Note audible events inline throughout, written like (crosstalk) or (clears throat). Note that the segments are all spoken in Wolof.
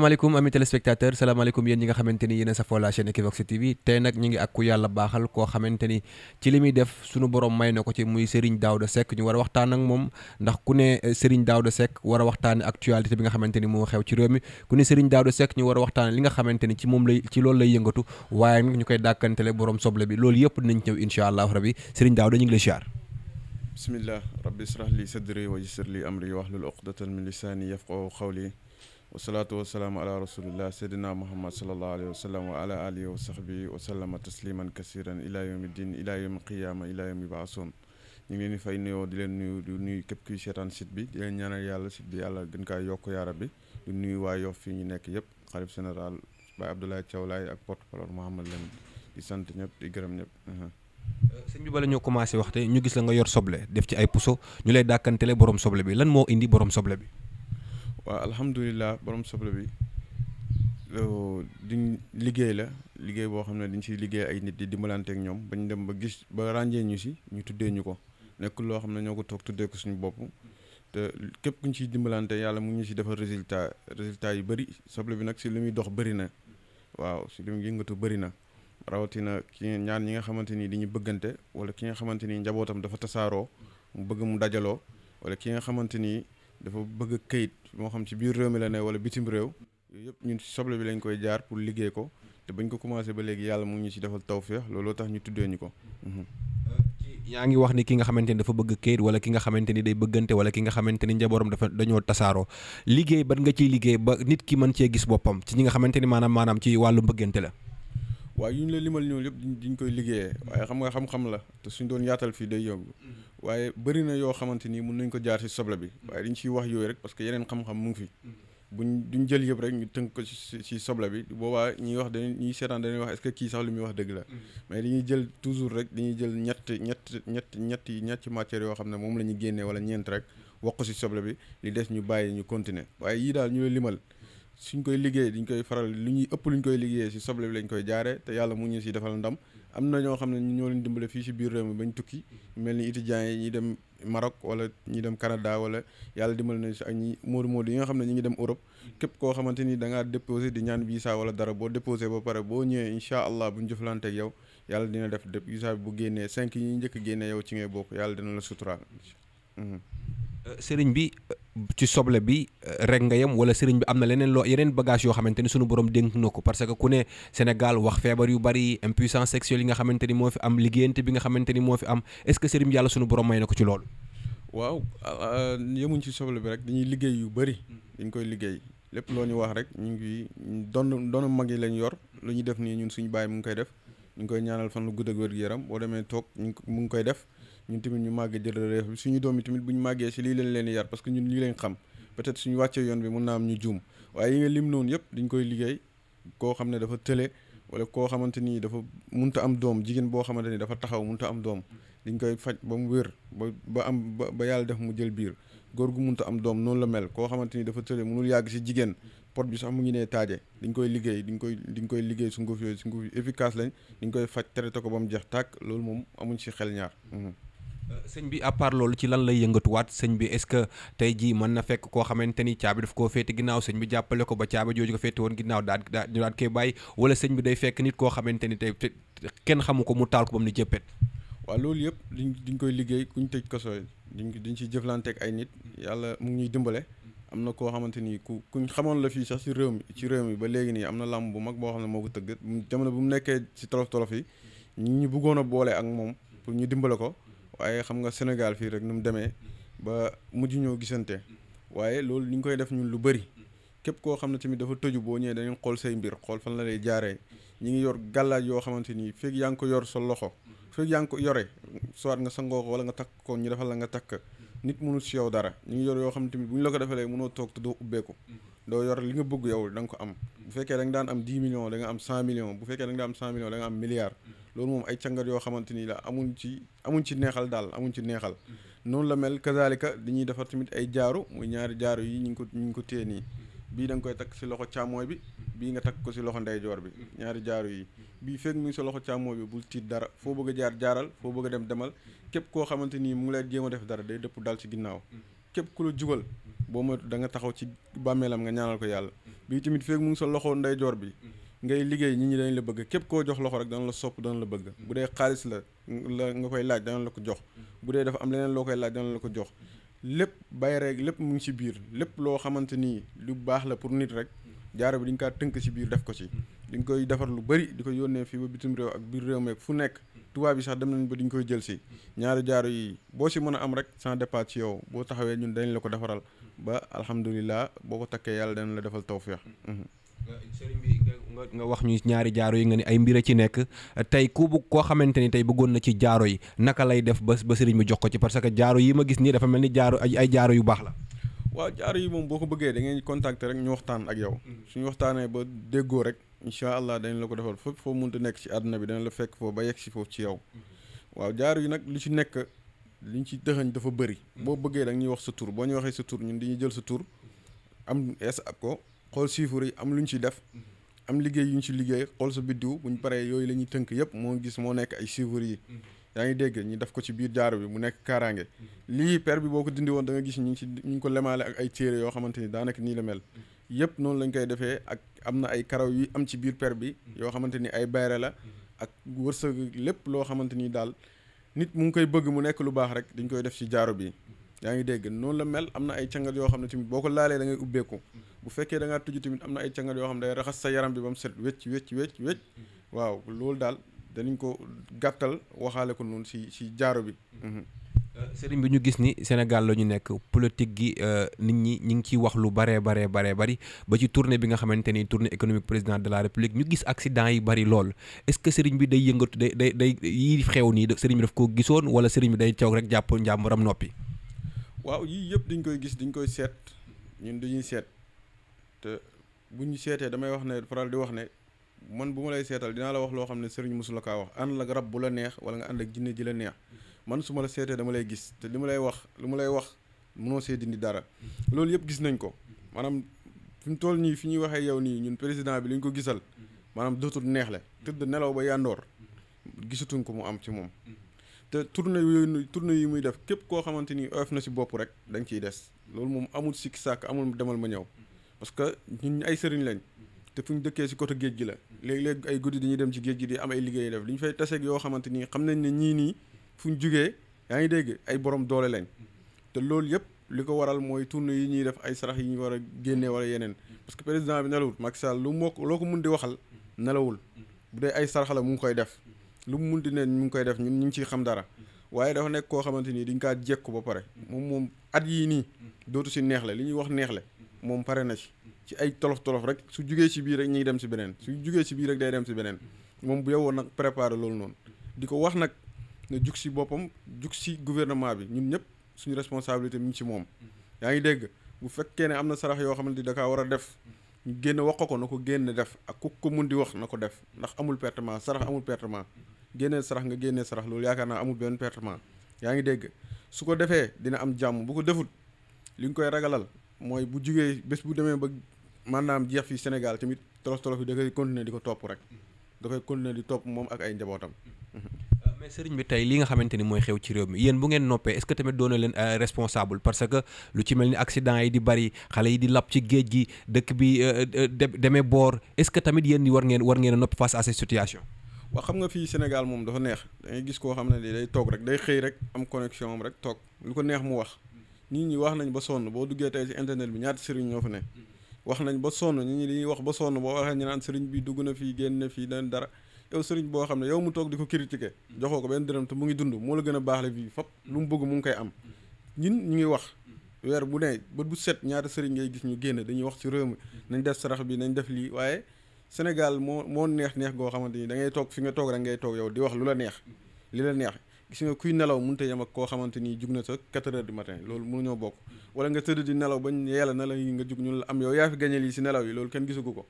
salaamaaleykum amis téléspectateurs salaamaaleykum yéen ñi nga xamante ni yéen a safoo la chaîne Equivox TV tey nag ñu ngi ak ku yàlla baaxal koo xamante ni ci li muy def sunu borom may na ko ci muy Serigne Daouda Seck ñu war a waxtaan ak moom ndax ku ne eh, Serigne Daouda Seck war a waxtaane actualité bi nga xamante ni moo xew ci réew mi ku ne Serigne Daouda Seck ñu war a waxtaane li nga xamante ni ci moom lay ci loolu lay yëngatu waaye nag ñu koy dàkkantele borom soble bi loolu yëpp dinañ ñëw incha allahu rabi Serigne Daouda ñu ngi lay siyaar bismillah rabbi israh li sadri wa yassir li amri wahlul uqdatan min lisani yafqahu qawli wasalaatu wasalaamu ala rasulillah seydina muhammad salallahu alayhi wa sallam wa ala alihi wa sahbi wa sallama tasliman kasiran ila yawmi din ila yawmi qiyama ila yawmi baasoon ñu ngi leen di fay nuyoo di leen nuyu di nuyu képp kuy seetaan site bi di leen ñaanal yàlla site bi yàlla gën kaa yokk yaara bi di nuyu waa Yoff fii ñu nekk yëpp xalif général Baye Abdoulaye Thiaw Laye ak porte-parole Mouhamad Lamine di sant ñëpp di gërëm ñëpp uh-huh. sëñ bi bala ñoo commencé waxte ñu gis nga yor soble def ci ay puso ñu lay dàkkantele borom soble bi lan moo indi borom soble bi waaw alhamdulilah borom soble bi di liggéey la liggéey boo xam ne dañ ciy liggéey ay nit di dimbalanteek ñoom bañ dem ba gis ba ràññee ñu si ñu tuddee ñu ko nekk loo xam ne ñoo ko toog tuddee ko suñu bopp te képp ku ñu ciy dimbalante yàlla mu ngi ñu si defal résultat résultat yi bëri soble bi nag si li muy dox bari na waaw si li muy yëngatu bari na rawatina ki ñaar ñi nga xamante ni dañuy bëggante wala ki nga xamante ni njabootam dafa tasaaroo mu bëgg mu dajaloo xamante ni dafa bëgg kayit moo xam ci biir réew mi la ne wala bitim réew yooyu yëpp ñun soble bi lañ koy jaar pour liggéey ko te bañ ko commencé ba léegi yàlla mu ngi ñu ci defal tawféex looloo tax ñu tuddee ñu ko. Mhm. Euh, yaa ngi wax ni ki nga xamante ni dafa bëgg kayit wala ki nga xamante ni day bëggante wala ki nga xamante ni njabooram dafa dañoo tasaaroo liggéey ban nga ciy liggéey ba nit ki mën cee gis boppam ci ñi nga xamante ni maanaam maanaam ci wàllu bëggante la waaye yu ñu la limal ñoom yëpp diñ koy liggéeyee waaye xam nga xam la te suñ doon yaatal fii day yomb mhm. waaye bari na yoo xamante ni mun nañ ko jaar si soble bi waaye dañ ciy wax yooyu rek parce que yeneen xam-xam mu ngi fi ñu duñ jël yëpp rek ñu tënk ko si si soble bi boobaa ñuy wax dañuy ñuy seetaan dañuy wax est que kii sax lu muy wax dëgg la mm-hmm. mais dañuy jël toujours rek dañuy jël ñett ñett ñett ñetti ñetti matières yoo xam ne moom la ñu génnee wala ñeent rek wax ko si soble bi li des ñu bàyyi ñu continuer waaye yii daal ñu limal suñ koy liggéey dañ koy faral lu ñuy ëpp luñ koy liggéeyee si soble bi lañ koy jaare te yàlla mu ñu si defal ndam am na ñoo xam ne ñoo leen dimbale fii si biir réew mi bañ tukki mel ni étudiants yi ñi dem Maroc wala ñu dem Canada wala yàlla dimbale nañ si ak ñi moodu moodu yi nga xam ne ñu ngi dem Europe képp koo xamante ni da déposé di ñaan visa wala dara boo déposé ba pare boo ñëwee incha allah bu ñu jëflanteeg yow yàlla dina def visa bi bu génnee cinq yi njëkk génnee yow ci bokk yàlla dina la suturaal Euh, sëriñ bi euh, ci soble bi euh, rek nga yem wala sëriñ bi am na leneen loo yeneen bagage yoo xamante ni sunu borom dénk na ko parce que ku ne Sénégal wax feebar yu bari impuissance sexuelle yi nga xamante ni moo fi am liggéeyante bi nga xamante ni moo fi am est-ce que sëriñ bi yàlla sunu borom may na ko ci loolu. waaw yemuñ ci soble bi rek dañuy liggéey yu bari. dañ koy liggéey lépp loo ñu wax rek ñu ngi doon doon mag yi lañ yor lu ñuy def nii ñun suñu baay mu ngi koy def ñu ngi koy ñaanal fan lu gudd ak wér gu yaram boo demee toog mu ngi koy def. ñun tamit ñu màggee jël relève bi suñu doom yi tamit bu ñu màggee si lii leen leen yar parce que ñun lii leen xam peut-être suñu wàccee yoon bi mun naa am ñu juum waaye yi nga lim noonu yëpp dañ koy liggéey koo xam ne dafa tële wala koo xamante ni dafa munta am doom jigéen boo xamante ni dafa taxaw munta am doom dañ koy faj ba mu wér ba ba am ba ba yàlla def mu jël biir góor gu munta am doom noonu la mel koo xamante ni dafa tële munul yàgg si jigéen pot bi sax mu ngi nee taaje dañ koy liggéey dañ koy dañ koy liggéey sunguf yooyu sunguf efficace lañ dañ koy faj traité ko ba mu jeex tàkk loolu moom amuñ si xel ñaar sëñ bi à loolu ci lan lay yëngatuwaat sëñ bi est-ce que tey jii mën na fekk koo xamante ni caabi daf koo féete ginnaaw sëñ bi jàppale ko ba caabi jooju ko féete woon ginnaaw daal ñu daal koy bàyyi wala sëñ bi day fekk nit koo xamante ni tey kenn xamu ko mu taal ko ba mu ni loolu yëpp diñ diñ koy liggéey kuñ tëj koso diñ diñ ciy jëflanteeg ay nit yàlla mu ngi ñuy dimbale am na koo xamante ni ku kuñ xamoon la fii sax ci réew mi ci réew mi ba léegi nii am na làmb bu mag boo xam ne moo ko tëgg jamono bu mu nekkee ci tolof tolof yi ñi ñu bëggoon a boole ak moom pour ñu dimbale ko waaye xam nga Sénégal fii rek nu mu demee ba mujj ñoo gisante waaye loolu ñu ngi koy def ñun lu bëri képp koo xam ne tamit dafa tëju boo ñëwee dañu xool say mbir xool fan la lay jaaree ñi ngi yor gàllaaj yoo xamante ni fekk yaa yor sa loxo fekk yaa ngi ko yore soit nga sangoo ko wala nga takk ko ñu defal la nga takk nit mënul si yow dara ñu ngi yor yoo xam ne tamit bu ñu la ko defalee mënoo toog te doo ubbeeku doo yor li nga bëgg yow da ko am bu fekkee da nga daan am 10 millions da am 100 millions bu fekkee da daan am 100 millions da nga am loolu moom ay càngat yoo xamante nii la amuñ ci amuñ ci neexal daal amuñ ci neexal noonu la mel kazalika dañuy defar tamit ay jaaru muy ñaari jaaru yi ñu ngi ko ñu ngi ko téye nii bii da koy takk si loxo càmmooy bi bii nga takk ko si loxo ndeyjoor bi ñaari jaaru yi bii fekk mu ngi sa loxo càmmooy bi bul tiit dara foo bëgg jaar jaaral foo bëgg dem demal képp koo xamante ni mu ngi lay jéem def dara day dëpp dal ci ginnaaw képp ku la jugal boo moytu da nga taxaw ci bàmmeelam nga ñaanal ko yàlla bii tamit fekk mu ngi sa loxo ndeyjoor bi ngay liggéey ñi ñi dañ la bëgg képp koo jox loxo rek dana la sopp dana la bëgg bu dee xaalis la nga koy laaj dana la ko jox mm-hmm. bu dee dafa am leneen loo koy laaj la ko jox mm-hmm. lépp bàyyi rek lépp mu ngi ci biir lépp loo xamante nii lu baax la pour nit rek mm-hmm. jaaro bi di nga tënk ci biir def ko ci di nga koy defar lu bari di ko yónnee fii ba bitim réew ak biir réew meeg fu nekk tubaab yi sax dem nañu ba di ñu koy jël si ñaari jaaro yi boo si mën a am rek sans départ ci yow boo taxawee ñun dañ la ko defaral ba alhamdulilah boo ko takkee yàlla dana la defal tawfeex sëriñ bi nga wax ñu ñaari jaaro yi nga ni ay mbir a ci nekk tey ku bu koo xamante ni tey bëggoon na ci jaaro yi naka lay def ba ba sëriñ bi jox ko ci parce que jaaro yi ma gis nii dafa mel ni jaaro ay jaaro yu baax la waaw jaaro yi moom boo ko bëggee da ngeen rek ñu waxtaan ak yow mm-hmm. suñu waxtaanee ba déggoo rek incha allah dañ la ko defal fépp foo mënta nekk ci àdduna bi dana la fekk foofu ba yegg foofu ci yow mm-hmm. waaw jaaro yi nag lu ci nekk liñ ci dëxañ dafa bëri mm-hmm. boo bëggee da ñuy wax sa tur boo ñu waxee sa tur ñun dañuy jël sa tur am es ak ko xool chiffres yi am lu ñu ci def am liggéey yu ñu ci liggéey xool sa biddiw bu ñu paree yooyu la ñuy tënk yëpp moo gis moo nekk ay chiffres yi yaa ngi dégg ñu def ko ci biir jaaro bi mu nekk kaaraange lii per bi boo ko dindi woon da gis ñu ngi ci ñu ngi ko lemaale ak ay téere yoo xamante ni daanaka nii yëpp noonu lañ koy defee ak am na ay karaw yu am ci biir per bi yoo xamante ni ay bayre la ak wërsëg lépp loo xamante ni daal nit mu ngi koy bëgg mu nekk lu baax rek dañ koy def ci jaaro bi yaa ngi dégg noonu la mel am na ay cangat yoo xam ne tamit boo ko laalee da ngay ubbeeku bu fekkee da ngaa tujj tamit am na ay cangat yoo xam ne day raxas sa yaram bi ba mu set wécc wécc wécc waaw loolu daal danañ ko gàttal waxaale ko noonu si si jaaro bi mhm. euh, sëriñ bi ñu gis ni Sénégal la ñu nekk politique gi euh, nit ñi ñi ngi ciy wax lu baree baree baree bari ba ci tournée bi nga xamante ni tournée économique président de la république ñu gis accident yi bari lool est-ce bi day yëngatu day day day xew nii sëriñ bi daf ko gisoon wala sëriñ day coow rek jàpp njàmburam noppi waaw yii yëpp dañ koy gis dañ koy seet ñun ñuy seet te bu ñu seetee damay wax ne faral di wax ne man bu ma lay seetal dinaa la wax loo xam ne sëriñ mosu la kaa wax ànd la rab bu la neex wala nga ànd ak jinne ji la neex man suma la seetee dama lay gis te li ma lay wax lu ma lay wax mënoo see dindi dara loolu yëpp gis nañ ko maanaam fi mu toll nii fi ñuy waxee yow nii ñun président bi li ñu ko gisal maanaam dootul neexle tëdd nelaw ba yàndoor gisatuñ ko mu am ci moom te tournée yooyu tournée yi muy def képp koo xamante ni oyof na si bopp rek da ciy des loolu moom amul sikki sàkk amul demal ma ñëw parce que ñun ay sëriñ lañ te fu ñu dëkkee si côté géej gi la léeg-léeg ay guddi dañuy dem ci géej gi di am ay liggéey def li ñu fay taseeg yoo xamante ni xam nañ ne ñii nii fu ñu jugee yaa ngi dégg ay borom doole lañ te loolu yëpp li ko waral mooy tournée yi ñuy def ay sarax yi ñu war a génnee wala yeneen parce que président bi nelawul Macky lu moo loo ko mun di waxal nelawul bu dee ay sarax mu ngi koy def lu mu munti neen ñu ngi koy def ñun ñu ngi ci xam dara waaye dafa nekk koo xamante ni dañ kaa jekku ba pare moom moom at yii nii dootu si neexle li ñuy wax neexle moom pare na ci ci ay tolof tolof rek su jugee si bii rek ñu dem si beneen su jugee si bii rek day dem si beneen moom bu yowoon nag préparé loolu noonu di ko wax nag ne jug si boppam jug si gouvernement bi ñun ñëpp suñu responsabilité mi ngi ci moom yaa ngi dégg bu fekkee ne am na sarax yoo xamante ni da kaa war a def ñu génn wax ko na ko génn def ak ku ko mun di wax na ko def ndax amul pertement sarax amul pertement génnee sarax nga génnee sarax loolu yaakaar naa amul benn pertement yaa ngi dégg su ko defee dina am jàmm bu ko deful li nga koy ragalal mooy bu jugee bés bu demee ba maanaam jeex fi Sénégal tamit tolof tolof yi da koy continuer di ko topp rek da koy continuer di topp moom ak ay njabootam. mais sëriñ bi tey li nga xamante ni mooy xew ci réew mi yéen bu ngeen noppee est-ce que tamit doona leen euh, responsable parce que lu ci mel ni accident yi di bari xale yi di lap ci géej gi dëkk bi euh, euh, demee boor est-ce que tamit yéen war ngeen war ngeen a noppi face à cette xam nga fii Sénégal moom dafa neex da gis koo xam ne ni day toog rek day xëy rek am connexion am rek toog lu ko neex mu wax nit ñi wax nañ ba sonn boo duggee tey ci internet bi ñaata sëriñ ñoo fa ne. Mm. wax nañ ba sonn nit ñi ñuy wax ba sonn boo waxee ñu bi dugg na fii génn na fii daan dara yow sëriñ boo xam ne yow mu toog di ko critiquer joxoo ko benn dërëm te mu ngi dund moo la gën a baax la fii fop lu mu bëgg mu ngi koy am ñun ñu ngi wax weer bu ne bët bu set ñaata sëriñ ngay gis ñu génn dañuy wax ci réew mi nañ def sarax bi nañ def lii waaye Sénégal moo moo neex neex goo xamante ni da ngay toog fi nga toog rek ngay toog yow di wax lu la neex li la neex gis nga kuy nelaw mun te yem ak koo xamante ni jug na sa 4 heures du matin loolu bokk wala nga tëdd di nelaw bañ yeela na la nga jug ñun am yow yaa fi gañal si nelaw yi loolu kenn gisugu ko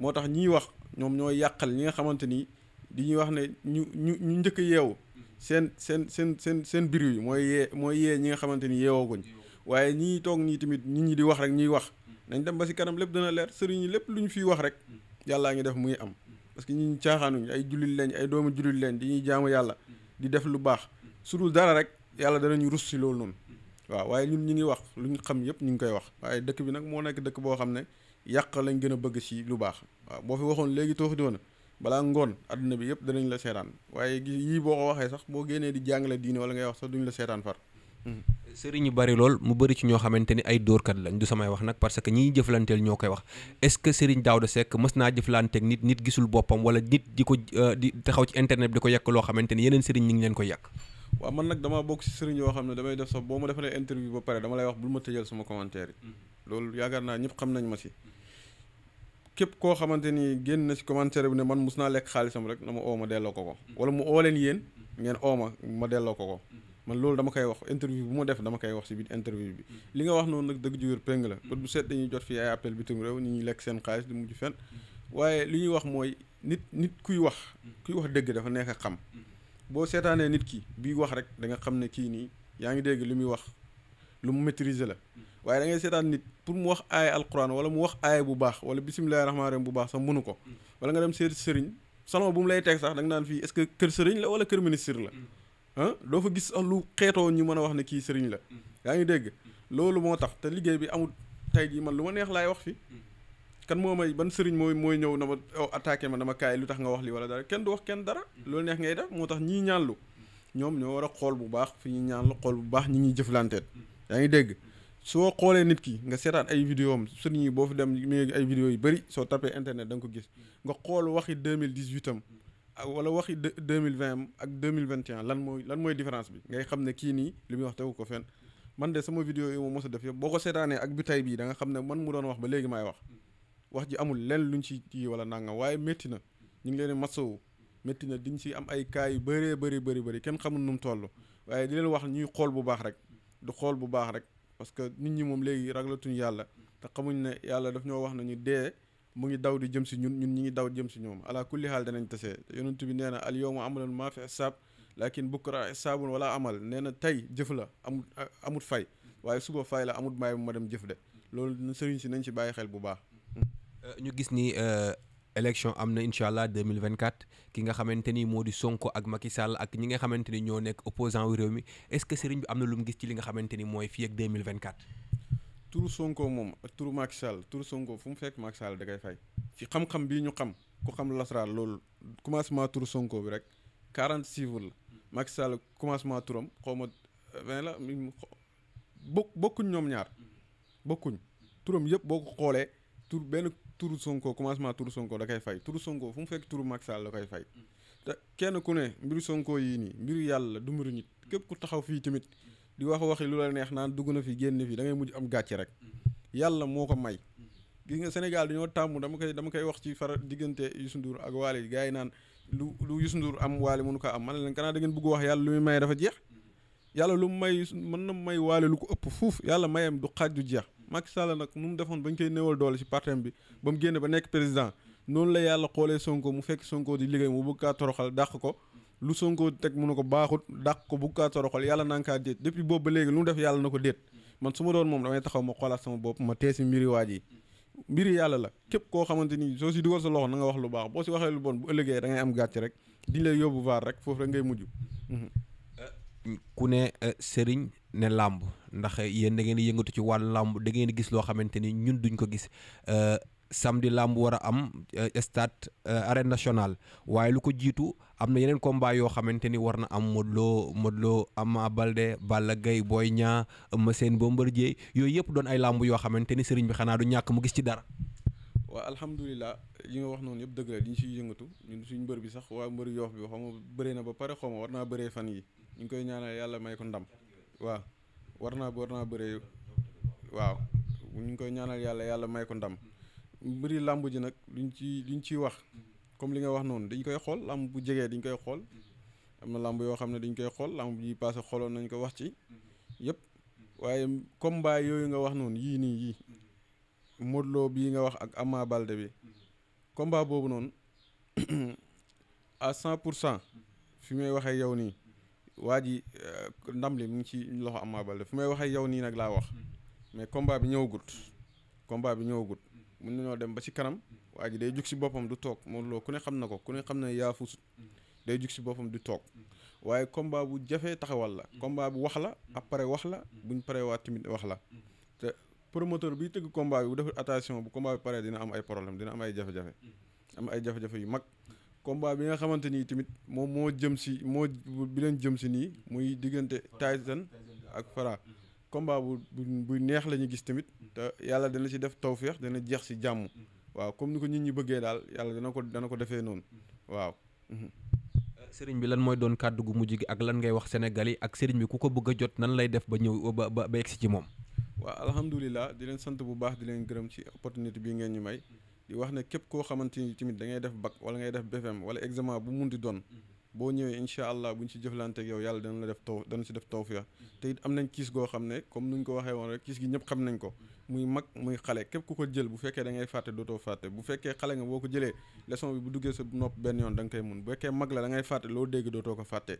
moo tax ñiy wax ñoom ñoo yàqal ñi nga xamante ni di ñuy wax ne ñu ñu njëkk a yeewu mm-hmm. seen seen seen seen seen biir yi mooy yee mooy yee ñi nga xamante ni yeewooguñ waaye ñii toog ñii tamit nit ñi di wax rek ñuy wax mm-hmm. nañ dem ba si kanam lépp dana leer sëriñ yi lépp lu ñu fiy wax rek mm-hmm. yàllaa ngi def muy am parce que ñi caaxaanuñ ay jullit lañ ay doomu jullit lañ di ñuy jaamu yàlla di def lu baax su dara rek yàlla danañu rus si noonu waaw waaye ñun ñu ngi wax lu ñu xam yëpp ñu ngi koy wax waaye dëkk bi nag moo nekk dëkk boo xam ne yàq lañ gën a bëgg ci lu baax waaw boo fi waxoon léegi toox di woon balaa ngoon àdduna bi yëpp danañ la seetaan waaye yii boo ko waxee sax boo génnee di jàngale diine wala ngay wax sax duñ la seetaan far. Hmm. sëriñ yu bari lool mu bari ci ñoo xamante ni ay dóorkat lañ du samay wax nag parce que ñiy jëflanteel ñoo koy wax est-ce que sëriñ Daouda Seck mës naa jëflanteeg nit nit gisul boppam wala nit di ko euh, di taxaw ci internet bi di ko yàq loo xamante ni yeneen sëriñ ñi ngi waaw man nag damaa bokk si sëriñ yoo xam ne damay def sax boo ma defalee interview ba pare dama lay wax bul ma tëjal sama commentaire yi mm-hmm. loolu yaakaar naa ñëpp xam nañ ma si mm-hmm. képp koo xamante ni génn na si commentaire bi ne man mus naa lekk xaalisam rek na ma oo delloo ko ko mm-hmm. wala mu oo leen yéen ngeen oo ma ma delloo ko ko man loolu dama koy wax interview bu ma def dama koy wax si biir interview bi li nga wax noonu nag dëgg ju wér péng la bët bu seet dañuy jot fii ay appel bitim réew lekk seen xaalis di mujj fen waaye li ñuy wax mooy nit nit kuy wax kuy wax dëgg dafa neex a xam boo seetaanee nit ki bi wax rek da nga xam ne kii nii yaa ngi dégg lu muy wax lu mu maîtriser la waaye da ngay seetaan nit pour mu wax aaya alquran wala mu wax aaya bu baax wala bisimilahi rahmaani rahim bu baax sax mënu ko wala nga dem seet sëriñ salon bu mu lay teg sax da nga naan fii est que kër sëriñ la wala kër ministre la ah doo fa gis sax lu xeetoo ñi mën a wax ne kii sëriñ la yaa ngi dégg loolu moo tax te liggéey bi amul tey jii man lu ma neex laay wax fi kan moo may ban sëriñ mooy mooy ñëw na ma oh, attaqué ma dama kaay lu tax nga wax li wala dara kenn du wax kenn dara mm-hmm. loolu neex ngay def moo tax ñii ñaanlu mm-hmm. ñoom ñoo war a xool bu baax fi ñuy ñaanlu xool bu baax ñi ñuy jëflanteet mm-hmm. yaa ngi dégg soo xoolee nit ki nga seetaan ay vidéo boo fi dem mi ay vidéo yu bëri soo tapee internet da nga ko gis nga xool waxi 2018 am ah, wala waxi deux mille vingt am ak deux mille vingt et un lan mooy lan mooy différence bi ngay xam ne kii nii li muy wax tegu ko fenn man de sama vidéo yi ma mos a def yëpp boo ko seetaanee ak bi tay bii da nga xam ne man mu doon wax ba léegi maay wax wax ji amul lenn luñ ci kii wala nangam waaye métti na ñu ngi leen di masawu métti na diñ si am ay cas yu bëree bëri bëri bëri kenn xamul nu mu toll waaye di leen wax ñuy xool bu baax rek du xool bu baax rek parce que nit ñi moom léegi raglatuñu yàlla te xamuñ ne yàlla daf ñoo wax ñu dee mu ngi daw di jëm si ñun ñun ñi ngi daw jëm si ñoom ala kulli xaal danañ tasee yonent bi nee na al yawma amalun maa fi hisaab lakin bukra hisaabun wala amal nee na tey jëf la amut amut fay waaye suba fay la amut maay bu ma dem jëf de loolu sëriñ si nañ si bàyyi xel bu baax Euh, ñu gis ni euh, élection am na incha allah 2024 ki nga xamante ni moo di Sonko ak Macky Sall ak ñi nga xamante ni ñoo nekk opposant wu réew mi est-ce que sëriñ bi am na lu mu gis ci li nga xamante ni mooy fii ak 2024. turu Sonko moom ak turu Macky Sall turu Sonko fu mu fekk Macky Sall da fay fi xam-xam bii ñu xam ku xam lasraar loolu commencement turu Sonko bi rek 46 jours la Macky Sall commencement turam xaw ma 20 euh, la bokk bokkuñ ñoom ñaar bokkuñ turam yëpp boo ko xoolee tur benn. turu Sonko commencement turu Sonko da koy fay turu Sonko fu mu fekk turu Macky Sall da koy fay te kenn ku ne mbiru Sonko yii nii mbiru yàlla du mbiru nit képp ku taxaw fii tamit di wax waxi lu la neex naan dugg na fi génn fii dangay ngay mujj am gàcc rek yàlla moo ko may. gis nga Sénégal dañoo tàmm dama koy dama koy wax ci fara diggante Youssou Ndour ak Waly gars yi naan lu lu Youssou Ndour am Waly mënu ko am man leen kanaa da ngeen bëgg wax yàlla lu muy dafa jeex yàlla lu mu may mën na may Waly lu ko ëpp fuuf yàlla mayam du xaaj du jeex Macky sala nag nu mu defoon ba ñu koy néewal doole ci partem bi ba mu génn ba nekk président noonu la yàlla xoolee Sonko mu fekk Sonko di liggéey mu bëgg kaa toroxal dàq ko lu Sonko teg mu ne ko baaxut dàq ko bëgg kaa toroxal yàlla na kaa déet depuis boobu ba léegi lu mu def yàlla na ko déet man su ma doon moom damay taxaw ma xoolaat sama bopp ma teesi mbiri waaj yi mbiri yàlla la képp koo xamante ni soo si dugal sa loxo na nga wax lu baax boo si waxee lu bon bu ëllëgee da ngay am gàcc rek di lay yóbbu vaar rek foofu rek ngay mm-hmm. eh, ku ne eh, sëriñ ne làmb ndax yéen da ngeen di yëngatu ci wàllu làmb da ngeen gis loo xamante ni ñun duñ ko gis euh, samedi làmb war a am euh, stade euh, arène national waaye lu ko jiitu am na yeneen combat yoo xamante ni war na am Modou loo Modou Lo Ama Baldé Balla booy ñaa Niang boo Sène Bombardier yooyu yëpp doon ay làmb yoo xamante ni sëriñ bi xanaa du ñàkk mu gis ci dara. waaw alhamdulilah li nga wax noonu yëpp dëgg la li ñu siy yëngatu ñun suñu mbër bi sax waa mbër yoof bi xaw ma na ba pare xaw war naa bëree fan yi ñu ngi koy ñaanal yàlla may ko ndam. waaw war naa war naa bëre waaw ñu ngi koy ñaanal yàlla yàlla may ko ndam mbëri làmb ji nag luñ ci luñ ciy wax comme li nga wax noonu dañ koy xool làmb bu jegee dañ koy xool am na làmb yoo xam ne dañ koy xool làmb ji passé xooloon nañ ko wax ci yëpp waaye combat yooyu nga wax noonu yii nii yii Modou bii nga wax ak Ama Balde bi combat boobu noonu (clears throat) à cent pour cent fi may waxee yow nii waa ji euh, ndam li mu ngi ci loxo Ama Baldé fu may waxee yow nii nag laa wax mais combat bi ñëwagut combat bi ñëwagut mun nañoo dem ba ci kanam waa ji day jug si boppam du toog moom loo ku ne xam na ko ku ne xam ne yaafus day jug si boppam du toog waaye combat bu jafe taxawal la. combat bu wax la après wax la bu ñu paree waat tamit wax la te promoteur biy tëgg combat bi bu deful attention bu combat bi paree dina am ay problème dina am ay jafe-jafe am ay jafe yu mag. combat bi nga xamante ni tamit moom moo jëm si moo bileen jëm si nii muy diggante Tyson ak Fara combat bu bu neex la ñu gis tamit te yàlla dana si def tawféex dana jeex si jàmm waaw comme ni ko nit ñi bëggee daal yàlla dana ko dana ko defee noonu waaw. Mhm. sëriñ bi lan mooy doon kàddu gu mujj gi ak lan ngay wax Sénégal yi ak sëriñ bi ku ko bëgg jot nan lay def ba ñëw ba ba egsi ci moom. waaw alhamdulilah di leen sant bu baax di leen gërëm ci opportunité bi ngeen ñu may. di wax ne képp koo xamante ni tamit da ngay def bac wala ngay def BFM wala examen bu mun di doon mhm. boo ñëwee incha allah buñ ci jëflanteeg yow yàlla dana la def taw dana ci def tawfiya mhm. te it am nañ xam ne comme nuñ ko waxee woon rek kiis gi ñëpp xam ko mhm. muy mag muy xale képp ku ko jël bu fekkee da ngay fàtte dootoo fàtte bu fekkee xale nga boo ko jëlee leçon bu duggee sa nopp benn yoon da nga koy mun bu fekkee mag la da ngay fàtte loo dégg dootoo ko fàtte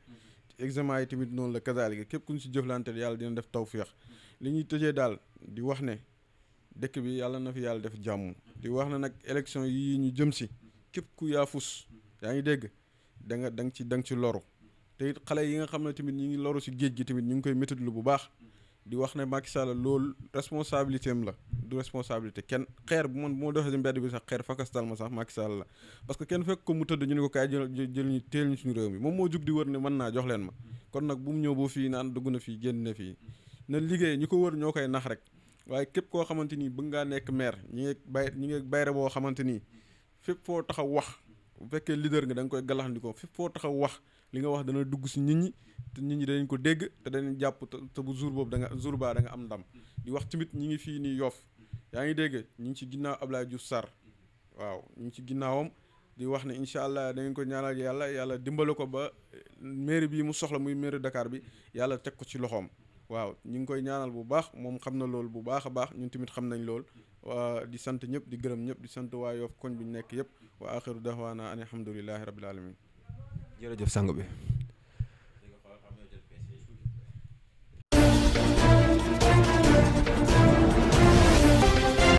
examen yi tamit noonu la kasaalika képp kuñ ci jëflante yàlla dina def tawfiya li ñuy tëjee daal di wax ne dëkk bi yàlla na fi yàlla def jàmm di wax na nag élection yii ñu jëm si képp ku yaafus yaa ngi dégg da nga da ci da ci loru te it xale yi nga xam ne tamit ñi ngi loru si géej gi tamit ñu ngi koy métitlu bu baax di wax ne Macky Sall loolu responsabilité am la du responsabilité kenn xeer bu man bu ma doxee si mbedd bi sax xeer fakastal ma sax Macky Sall la parce que kenn fekk ko mu tëdd ñu ne ko kaay jël ñu teel ñu suñu réew mi moom moo jug di wër ne mën naa jox leen ma kon nag bu mu ñëw ba fii naan dugg na fii génn na fii na liggéey ñu ko wër ñoo koy nax rek waaye képp koo xamante ni bëgg ngaa nekk maire ñi ngi bay ñi ngi bayre boo xamante ni fépp foo taxaw wax bu fekkee leader nga da koy galaxndikoo fépp foo taxaw wax li nga wax dana dugg si nit ñi nit ñi danañ ko dégg te danañ jàpp te bu jour boobu da nga jour baa am ndam di wax tamit ñi ngi fii nii Yoff yaa ngi dégg ñi ngi ci ginnaaw Abdoulaye Diouf sar waaw ñu ci ginnaawam di wax ne incha allah dangeen ko ñaanal yàlla yàlla dimbale ko ba eh, mairie bi mu soxla muy mairie Dakar bi yàlla teg ko ci loxoom waaw ñu ngi koy ñaanal bu baax moom xam na loolu bu baax a baax ñun tamit xam nañ lool di sant ñëpp di gërëm ñëpp di sant waa Yoff koñ bi ñu nekk yëpp wa axiru dahwaana an alhamdulillahi rabbil alamin jërëjëf sang bi